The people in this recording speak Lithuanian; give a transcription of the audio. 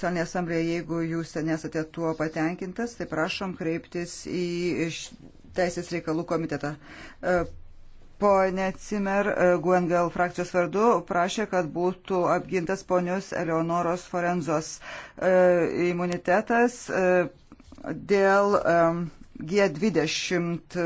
nacionalinė asamblėje, jeigu jūs nesate tuo patenkintas, tai prašom kreiptis į Teisės reikalų komitetą. E, Pone Cimer, e, Guengel frakcijos vardu prašė, kad būtų apgintas ponios Eleonoros Forenzos e, imunitetas dėl G20